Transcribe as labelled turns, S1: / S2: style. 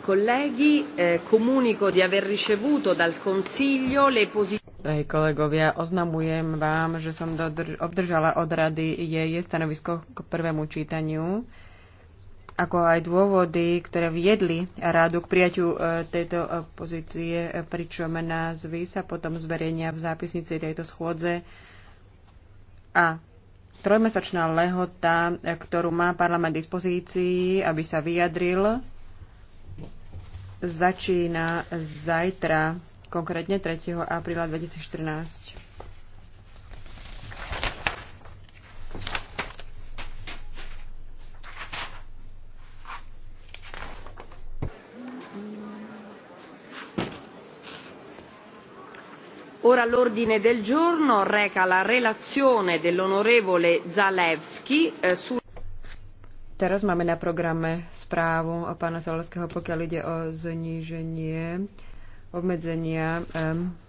S1: Colleghi, eh, comunico di aver ricevuto
S2: dal Consiglio le posizioni. Drahí kolegovia, oznamujem vám, že som obdržala od rady jej stanovisko k prvému čítaniu ako aj dôvody, ktoré viedli rádu k prijaťu e, tejto e, pozície, e, pričom názvy sa potom zverejnia v zápisnici tejto schôdze. A trojmesačná lehota, ktorú má parlament dispozícii, aby sa vyjadril, začína zajtra, konkrétne 3. apríla 2014.
S1: l'ordine del giorno reca la relazione dell'onorevole Zalewski
S2: eh, su Teraz máme na programe správu pána Zaleského, pokiaľ ide o zníženie obmedzenia
S1: um,